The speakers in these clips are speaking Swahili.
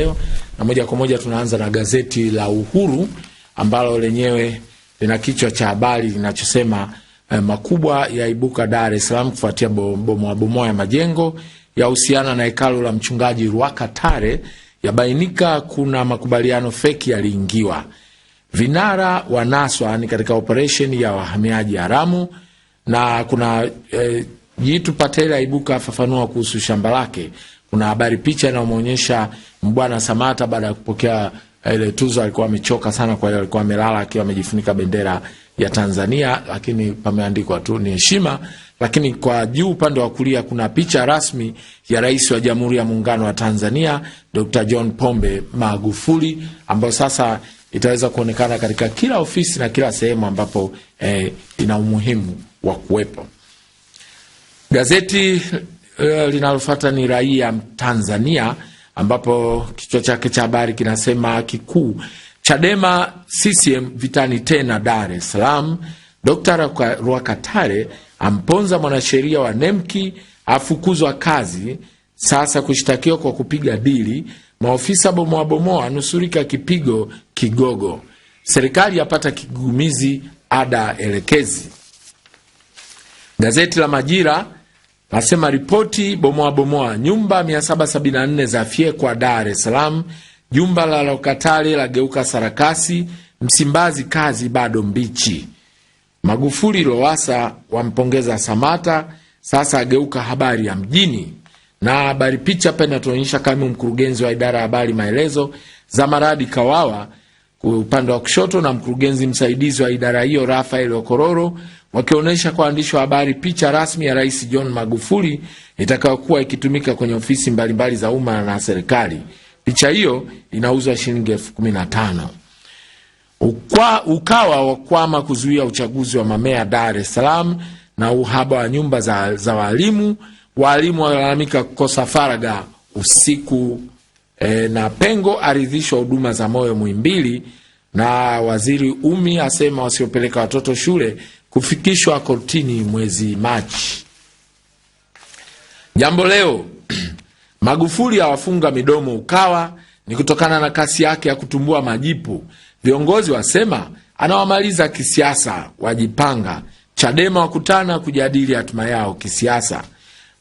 Leo na moja kwa moja tunaanza na gazeti la Uhuru ambalo lenyewe lina kichwa cha habari linachosema eh, makubwa yaibuka Dar es Salaam kufuatia bomoabomoa ya majengo yahusiana na hekalu la mchungaji ruaka tare yabainika kuna makubaliano feki yaliingiwa. Vinara wanaswa ni katika operesheni ya wahamiaji haramu, na kuna eh, Jitu Patele aibuka afafanua kuhusu shamba lake. Kuna habari picha inayomwonyesha Mbwana Samata baada ya kupokea eh, ile tuzo, alikuwa amechoka sana, kwa hiyo alikuwa amelala akiwa amejifunika bendera ya Tanzania, lakini pameandikwa tu ni heshima. Lakini kwa juu upande wa kulia kuna picha rasmi ya Rais wa Jamhuri ya Muungano wa Tanzania Dr. John Pombe Magufuli ambayo sasa itaweza kuonekana katika kila ofisi na kila sehemu ambapo eh, ina umuhimu wa kuwepo. Gazeti Eh, linalofuata ni Raia Tanzania, ambapo kichwa chake cha habari kinasema kikuu Chadema CCM vitani tena Dar es Salaam. Dkt. Rwakatare amponza mwanasheria wa Nemki afukuzwa kazi, sasa kushtakiwa kwa kupiga dili. Maofisa bomoabomoa anusurika kipigo Kigogo. Serikali yapata kigumizi ada elekezi. Gazeti la Majira Asema ripoti bomoa bomoa nyumba 774 za fyekwa Dar es Salaam, jumba la Lokatale lageuka sarakasi, Msimbazi kazi bado mbichi. Magufuli Lowasa wampongeza Samata, sasa ageuka habari ya mjini. Na habari picha pia inatuonyesha kaimu mkurugenzi wa idara ya habari maelezo, za maradi Kawawa upande wa kushoto na mkurugenzi msaidizi wa idara hiyo Rafael Okororo wakionyesha kwa waandishi wa habari picha rasmi ya Rais John Magufuli itakayokuwa ikitumika kwenye ofisi mbalimbali za umma na serikali. Picha hiyo inauzwa shilingi elfu kumi na tano. Ukawa wakwama kuzuia uchaguzi wa mamea Dar es Salaam na uhaba wa nyumba za, za walimu. Walimu walalamika kukosa faraga usiku e, na pengo aridhishwa huduma za moyo Muhimbili na waziri Umi asema wasiopeleka watoto shule kufikishwa kortini mwezi Machi. Jambo Leo, Magufuli awafunga midomo Ukawa ni kutokana na kasi yake ya kutumbua majipu. Viongozi wasema anawamaliza kisiasa, wajipanga. Chadema wakutana kujadili hatima yao kisiasa.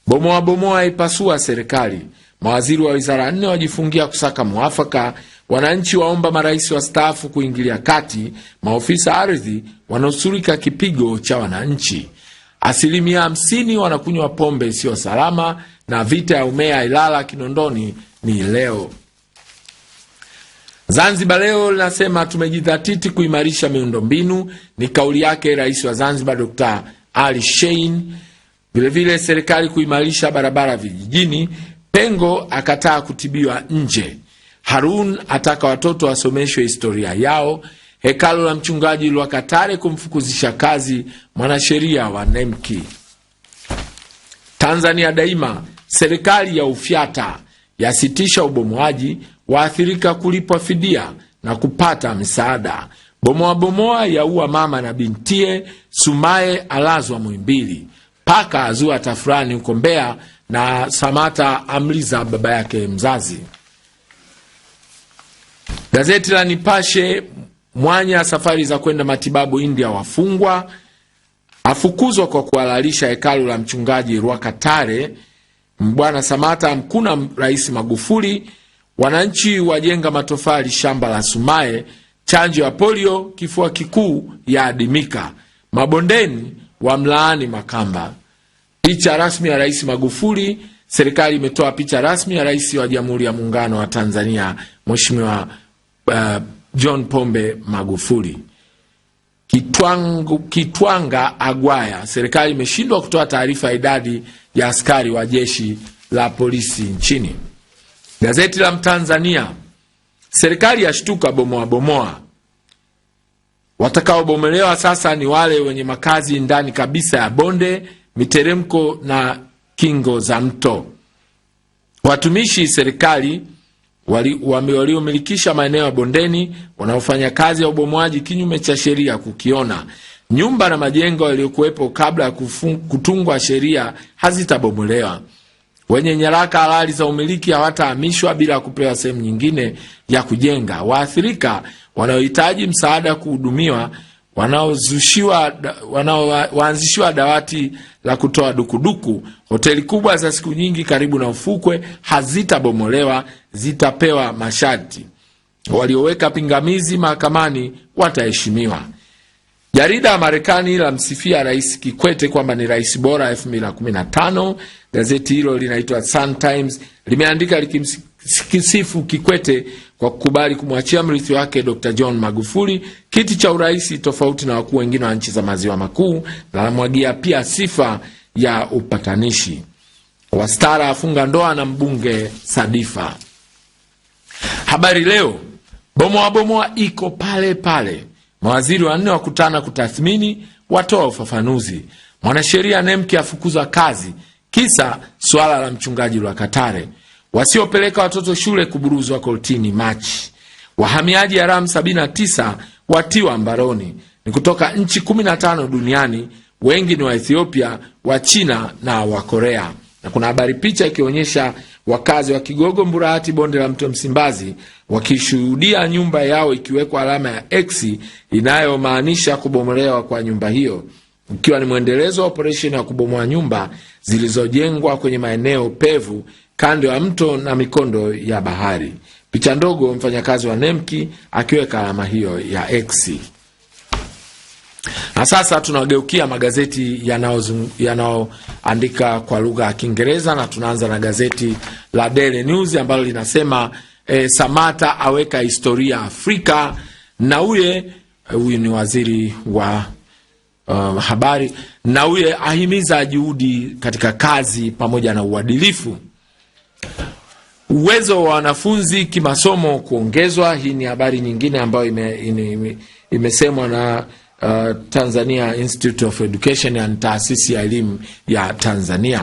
Bomoa bomoa ipasua serikali. Mawaziri wa wizara nne wajifungia kusaka mwafaka Wananchi waomba marais wastaafu kuingilia kati, maofisa ardhi wanaosurika kipigo cha wananchi. Asilimia hamsini wanakunywa pombe isiyo salama, na vita ya umea Ilala Kinondoni ni leo. Zanzibar Leo linasema tumejidhatiti kuimarisha miundombinu, ni kauli yake rais wa Zanzibar Dr Ali Shein. Vilevile serikali kuimarisha barabara vijijini. Pengo akataa kutibiwa nje. Harun ataka watoto wasomeshwe historia yao. Hekalu la mchungaji Lwakatare kumfukuzisha kazi mwanasheria wa Nemki. Tanzania Daima, serikali ya Ufyata yasitisha ubomoaji, waathirika kulipwa fidia na kupata misaada Bomoa bomoa yaua mama na bintie, Sumaye alazwa Muhimbili, paka azua tafurani huko Mbeya, na Samata amliza baba yake mzazi. Gazeti la Nipashe, mwanya safari za kwenda matibabu India wafungwa, afukuzwa kwa kuhalalisha hekalu la mchungaji Rwakatare, Mbwana Samata mkuna Rais Magufuli, wananchi wajenga matofali shamba la Sumaye, chanjo ya polio kifua kikuu yaadimika, mabondeni wa mlaani Makamba. Picha rasmi ya Rais Magufuli. Serikali imetoa picha rasmi ya Rais wa Jamhuri ya Muungano wa Tanzania Mheshimiwa uh, John Pombe Magufuli. Kitwangu, Kitwanga Agwaya, serikali imeshindwa kutoa taarifa ya idadi ya askari wa jeshi la polisi nchini. Gazeti la Mtanzania, serikali yashtuka bomoa bomoa, watakaobomolewa sasa ni wale wenye makazi ndani kabisa ya bonde, miteremko na kingo za mto. Watumishi serikali waliomilikisha maeneo ya bondeni wanaofanya kazi ya ubomoaji kinyume cha sheria kukiona. Nyumba na majengo yaliyokuwepo kabla ya kutungwa sheria hazitabomolewa. Wenye nyaraka halali za umiliki hawatahamishwa bila kupewa sehemu nyingine ya kujenga. Waathirika wanaohitaji msaada kuhudumiwa wanaozushiwa wanaoanzishiwa dawati la kutoa dukuduku. Hoteli kubwa za siku nyingi karibu na ufukwe hazitabomolewa, zitapewa masharti. Walioweka pingamizi mahakamani wataheshimiwa. Jarida la Marekani la msifia Rais Kikwete kwamba ni rais bora 2015. Gazeti hilo linaitwa Sun Times limeandika likimsifu Kikwete kwa kukubali kumwachia mrithi wake Dr. John Magufuli kiti cha urais tofauti na wakuu wengine wa nchi za maziwa makuu, na anamwagia pia sifa ya upatanishi. Wastara afunga ndoa na mbunge Sadifa. Habari Leo bomoa bomoa iko pale pale. Mawaziri wanne wakutana kutathmini, watoa ufafanuzi. Mwanasheria Nemke afukuzwa kazi, kisa suala la mchungaji Lwakatare wasiopeleka watoto shule kuburuzwa kortini Machi, wahamiaji haramu 79 watiwa mbaroni. Ni kutoka nchi 15 duniani, wengi ni Waethiopia, wa China na wa Korea. Na kuna habari picha ikionyesha wakazi wa Kigogo, Mburahati, bonde la mto Msimbazi wakishuhudia nyumba yao ikiwekwa alama ya X inayomaanisha kubomolewa kwa nyumba hiyo, ikiwa ni mwendelezo wa operesheni ya kubomoa nyumba zilizojengwa kwenye maeneo pevu kando ya mto na mikondo ya bahari. Picha ndogo, mfanyakazi wa Nemki akiweka alama hiyo ya X. Na sasa tunageukia magazeti yanayoandika kwa lugha ya Kiingereza na tunaanza na gazeti la Daily News ambalo linasema e, eh, Samata aweka historia Afrika na uye eh, huyu ni waziri wa um, habari na uye ahimiza juhudi katika kazi pamoja na uadilifu uwezo wa wanafunzi kimasomo kuongezwa. Hii ni habari nyingine ambayo ime, ime, ime, imesemwa na uh, Tanzania Institute of Education, ni taasisi ya elimu ya Tanzania.